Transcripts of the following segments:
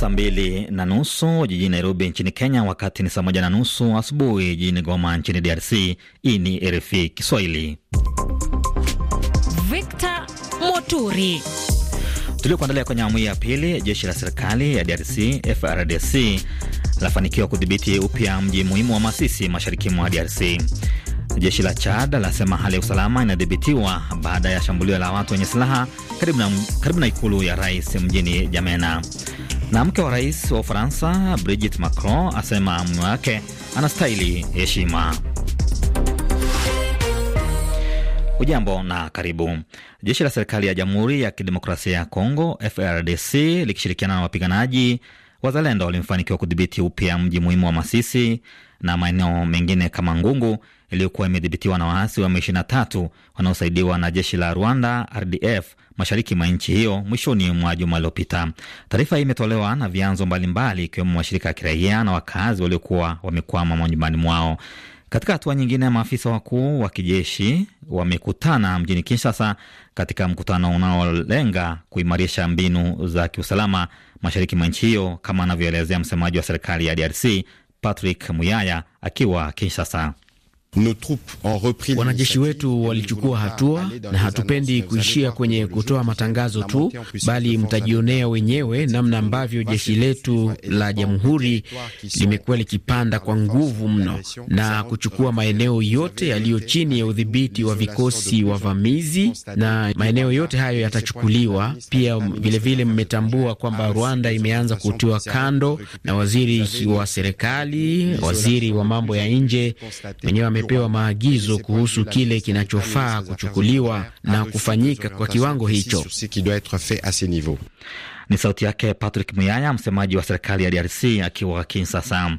Saa mbili na nusu jijini Nairobi nchini Kenya, wakati ni saa moja na nusu asubuhi jijini Goma nchini DRC. Hii ni RFI Kiswahili. Victor Moturi tuliokuandalia kwenye awamu ya pili. Jeshi la serikali ya DRC FRDC lafanikiwa kudhibiti upya mji muhimu wa Masisi, mashariki mwa DRC. Jeshi la Chad lasema hali ya usalama inadhibitiwa baada ya shambulio la watu wenye silaha karibu na ikulu ya rais mjini Jamena. Na mke wa rais wa Ufaransa Brigitte Macron asema mume wake anastahili heshima. Ujambo na karibu. Jeshi la serikali ya Jamhuri ya Kidemokrasia ya Kongo frdc likishirikiana na wapiganaji wazalendo walimfanikiwa kudhibiti upya mji muhimu wa Masisi na maeneo mengine kama Ngungu iliyokuwa imedhibitiwa na waasi wa M23 wanaosaidiwa na jeshi la Rwanda RDF mashariki mwa nchi hiyo mwishoni mwa juma lililopita. Taarifa hii imetolewa na vyanzo mbalimbali ikiwemo mashirika ya kiraia na wakazi waliokuwa wamekwama manyumbani mwao. Katika hatua nyingine, maafisa wakuu wa kijeshi wamekutana mjini Kinshasa katika mkutano unaolenga kuimarisha mbinu za kiusalama mashariki mwa nchi hiyo, kama anavyoelezea msemaji wa serikali ya DRC Patrick Muyaya akiwa Kinshasa. Wanajeshi wetu walichukua hatua, na hatupendi kuishia kwenye kutoa matangazo tu, bali mtajionea wenyewe namna ambavyo jeshi letu la jamhuri limekuwa likipanda kwa nguvu mno na kuchukua maeneo yote yaliyo chini ya udhibiti wa vikosi wavamizi, na maeneo yote hayo yatachukuliwa. Pia vilevile mmetambua kwamba Rwanda imeanza kutiwa kando na waziri wa serikali, waziri wa mambo ya nje wenyewe tumepewa maagizo kuhusu kile kinachofaa kuchukuliwa na kufanyika kwa kiwango hicho. Ni sauti yake Patrick Muyaya, msemaji wa serikali ya DRC akiwa Kinsasa.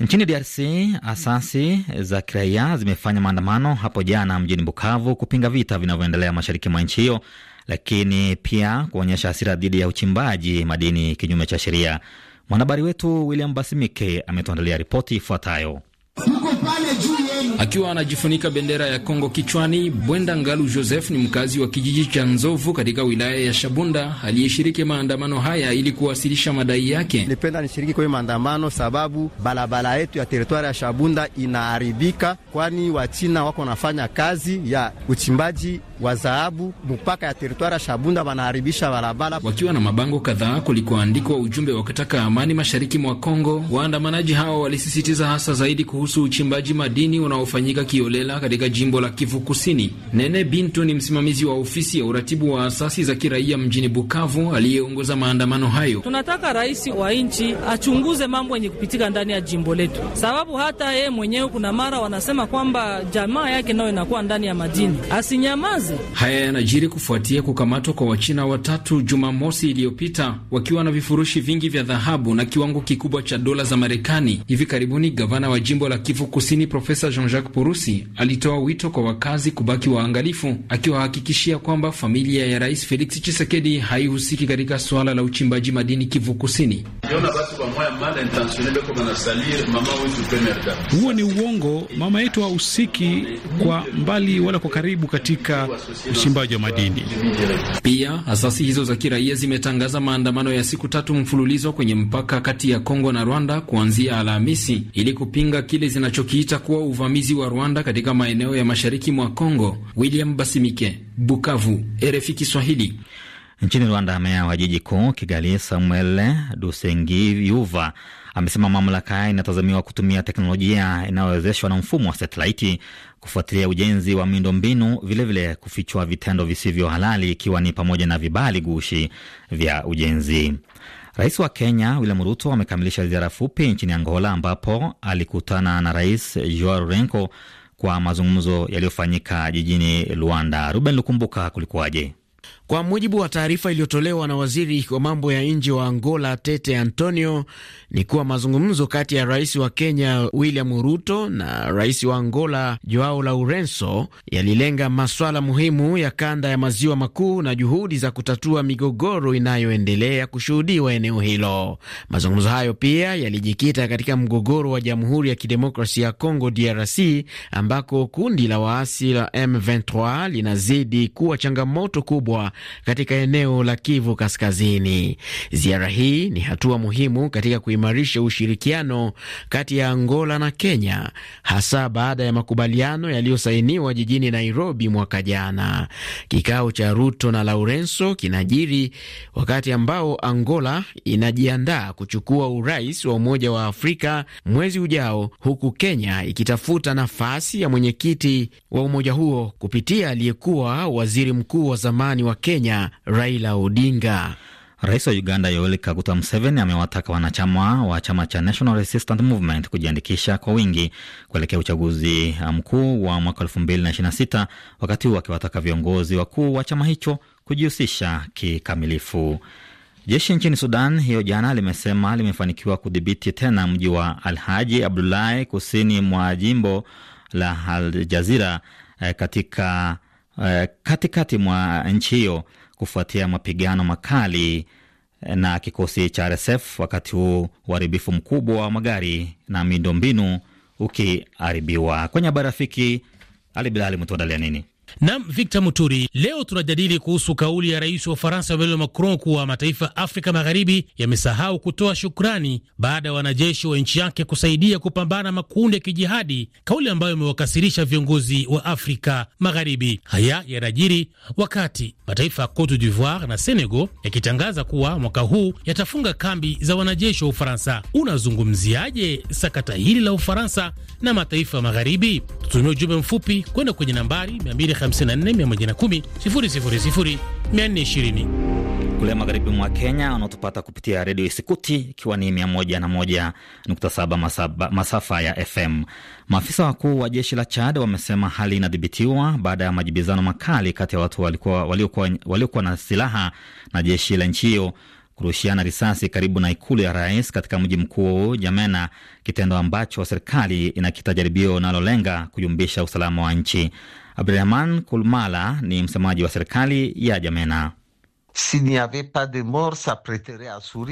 Nchini DRC asasi za kiraia zimefanya maandamano hapo jana mjini Bukavu kupinga vita vinavyoendelea mashariki mwa nchi hiyo, lakini pia kuonyesha hasira dhidi ya uchimbaji madini kinyume cha sheria. Mwanahabari wetu William Basimike ametuandalia ripoti ifuatayo. Tuko pale juu Akiwa anajifunika bendera ya Kongo kichwani, Bwenda Ngalu Joseph ni mkazi wa kijiji cha Nzovu katika wilaya ya Shabunda aliyeshiriki maandamano haya ili kuwasilisha madai yake. Nipenda nishiriki kwenye maandamano sababu barabara yetu ya teritwari ya Shabunda inaharibika, kwani Wachina wako wanafanya kazi ya uchimbaji wa dhahabu mpaka ya teritwari ya Shabunda, wanaharibisha barabara. Wakiwa na mabango kadhaa kulikoandikwa ujumbe wa kutaka amani mashariki mwa Kongo, waandamanaji hao walisisitiza hasa zaidi kuhusu uchimbaji madini unaofanyika kiolela katika jimbo la Kivu Kusini. Nene Bintu ni msimamizi wa ofisi ya uratibu wa asasi za kiraia mjini Bukavu aliyeongoza maandamano hayo. Tunataka rais wa nchi achunguze mambo yenye kupitika ndani ya jimbo letu, sababu hata yeye mwenyewe kuna mara wanasema kwamba jamaa yake nayo inakuwa ndani ya madini, asinyamaze. Haya yanajiri kufuatia kukamatwa kwa Wachina watatu Jumamosi iliyopita wakiwa na vifurushi vingi vya dhahabu na kiwango kikubwa cha dola za Marekani. Hivi karibuni gavana wa jimbo la Kivu Kusini Profesa Jean-Jacques Purusi alitoa wito kwa wakazi kubaki waangalifu, akiwahakikishia kwamba familia ya Rais Felix chisekedi haihusiki katika suala la uchimbaji madini Kivu Kusini. Huo ni uongo. Mama yetu hahusiki kwa mbali wala kwa karibu katika uchimbaji wa madini. Pia asasi hizo za kiraia zimetangaza maandamano ya siku tatu mfululizo kwenye mpaka kati ya Kongo na Rwanda kuanzia Alhamisi ili kupinga kile zinachokiita kuwa uvamizi wa Rwanda katika maeneo ya mashariki mwa Kongo. William Basimike, Bukavu, RFI Kiswahili. Nchini Rwanda, meya wa jiji kuu Kigali Samuel Dusengiyuva amesema mamlaka inatazamiwa kutumia teknolojia inayowezeshwa na mfumo wa satelaiti kufuatilia ujenzi wa miundombinu, vilevile kufichua vitendo visivyo halali, ikiwa ni pamoja na vibali gushi vya ujenzi. Rais wa Kenya William Ruto amekamilisha ziara fupi nchini Angola, ambapo alikutana na Rais Joao Lourenco kwa mazungumzo yaliyofanyika jijini Luanda. Ruben Lukumbuka, kulikuwaje? Kwa mujibu wa taarifa iliyotolewa na waziri wa mambo ya nje wa Angola Tete Antonio, ni kuwa mazungumzo kati ya rais wa Kenya William Ruto na rais wa Angola Joao Lourenco yalilenga maswala muhimu ya kanda ya maziwa makuu na juhudi za kutatua migogoro inayoendelea kushuhudiwa eneo hilo. Mazungumzo hayo pia yalijikita katika mgogoro wa Jamhuri ya Kidemokrasia ya Kongo DRC, ambako kundi la waasi la M23 linazidi kuwa changamoto kubwa katika eneo la Kivu Kaskazini. Ziara hii ni hatua muhimu katika kuimarisha ushirikiano kati ya Angola na Kenya, hasa baada ya makubaliano yaliyosainiwa jijini Nairobi mwaka jana. Kikao cha Ruto na Laurenso kinajiri wakati ambao Angola inajiandaa kuchukua urais wa Umoja wa Afrika mwezi ujao, huku Kenya ikitafuta nafasi ya mwenyekiti wa umoja huo kupitia aliyekuwa waziri mkuu wa zamani wa Kenya Kenya Raila Odinga. Rais wa Uganda Yoweri Kaguta Museveni amewataka wanachama wa chama cha National Resistance Movement kujiandikisha kwa wingi kuelekea uchaguzi uh, mkuu wa mwaka sita wakati huu akiwataka viongozi wakuu wa chama hicho kujihusisha kikamilifu. Jeshi nchini Sudan hiyo jana limesema limefanikiwa kudhibiti tena mji wa Alhaji Abdulahi kusini mwa jimbo la Aljazira eh, katika Eh, katikati mwa nchi hiyo kufuatia mapigano makali eh, na kikosi cha RSF, wakati huu uharibifu mkubwa wa magari na miundombinu ukiharibiwa. Kwenye habari rafiki, Ali Bilali, mtuandalia nini? Nam Victor Muturi, leo tunajadili kuhusu kauli ya rais wa Ufaransa Emmanuel Macron kuwa mataifa ya Afrika Magharibi yamesahau kutoa shukrani baada ya wanajeshi wa nchi yake kusaidia kupambana makundi ya kijihadi, kauli ambayo imewakasirisha viongozi wa Afrika Magharibi. Haya yanajiri wakati mataifa ya Cote d'Ivoire na Senegal yakitangaza kuwa mwaka huu yatafunga kambi za wanajeshi wa Ufaransa. Unazungumziaje sakata hili la Ufaransa na mataifa Magharibi? Tutumia ujumbe mfupi kwenda kwenye nambari kule magharibi mwa Kenya wanaotupata kupitia redio Isikuti ikiwa ni 101.7 masafa ya FM. Maafisa wakuu wa jeshi la Chad wamesema hali inadhibitiwa baada ya majibizano makali kati ya watu waliokuwa na silaha na jeshi la nchi hiyo kurushiana risasi karibu na ikulu ya rais katika mji mkuu Jamena, kitendo ambacho serikali inakita jaribio linalolenga kuyumbisha usalama wa nchi. Abdurahman Kulmala ni msemaji wa serikali ya Jamena.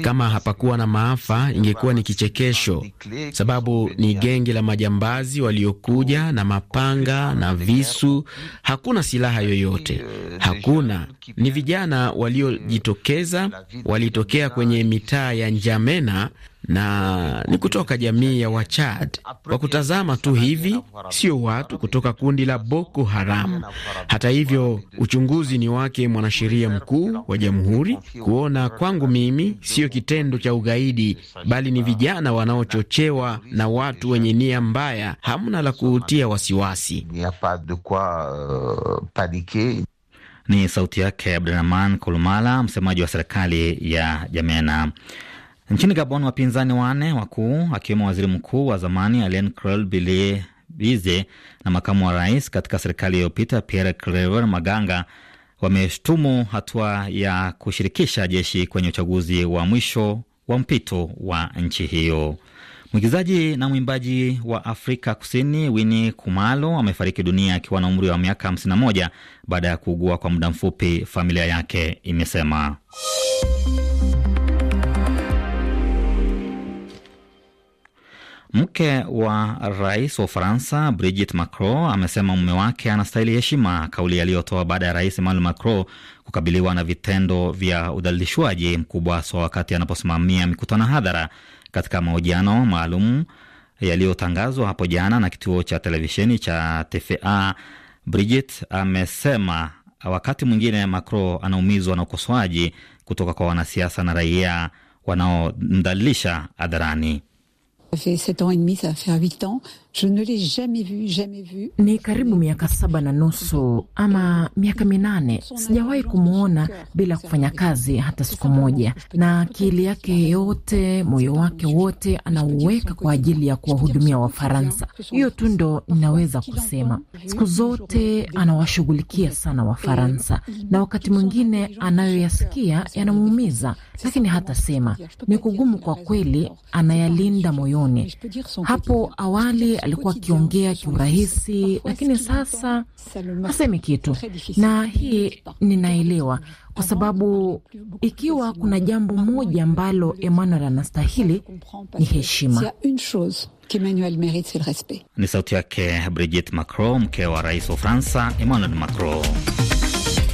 Kama hapakuwa na maafa, ingekuwa ni kichekesho, sababu ni genge la majambazi waliokuja na mapanga na visu. Hakuna silaha yoyote, hakuna. Ni vijana waliojitokeza, walitokea kwenye mitaa ya Njamena na ni kutoka jamii ya Wachad. Kwa kutazama tu hivi, sio watu kutoka kundi la Boko Haram. Hata hivyo, uchunguzi ni wake mwanasheria mkuu wa jamhuri. Kuona kwangu mimi, sio kitendo cha ugaidi, bali ni vijana wanaochochewa na watu wenye nia mbaya. Hamna la kutia wasiwasi. Ni euh, sauti yake Abdurahman Kulumala, msemaji wa serikali ya Jamena. Nchini Gabon, wapinzani wanne wakuu akiwemo waziri mkuu wa zamani Alain Crel Bilie Bize na makamu wa rais katika serikali iliyopita Pierre Claver Maganga wameshtumu hatua ya kushirikisha jeshi kwenye uchaguzi wa mwisho wa mpito wa nchi hiyo. Mwigizaji na mwimbaji wa Afrika Kusini wini Kumalo amefariki dunia akiwa na umri wa miaka 51 baada ya kuugua kwa muda mfupi, familia yake imesema. Mke wa rais wa Ufaransa Brigitte Macron amesema mume wake anastahili heshima, kauli aliyotoa baada ya rais Emmanuel Macron kukabiliwa na vitendo vya udhalilishwaji mkubwa haswa wakati anaposimamia mikutano hadhara. Katika mahojiano maalum yaliyotangazwa hapo jana na kituo cha televisheni cha TFA, Brigitte amesema wakati mwingine Macron anaumizwa na ukosoaji kutoka kwa wanasiasa na raia wanaomdhalilisha hadharani. Ça fait 7 ans et demi, ça va faire 8 ans Ni karibu miaka saba na nusu ama miaka minane, sijawahi kumwona bila kufanya kazi hata siku moja, na akili yake yote, moyo wake wote anauweka kwa ajili ya kuwahudumia Wafaransa. Hiyo tu ndo inaweza kusema. Siku zote anawashughulikia sana Wafaransa, na wakati mwingine anayoyasikia yanamuumiza, lakini hatasema. Ni kugumu kwa kweli, anayalinda moyoni. Hapo awali alikuwa akiongea kiurahisi, lakini sasa asemi kitu, na hii ninaelewa kwa sababu ikiwa kuna jambo moja ambalo Emmanuel anastahili ni heshima. Ni sauti yake Brigitte Macron, mke wa rais wa Fransa Emmanuel Macron.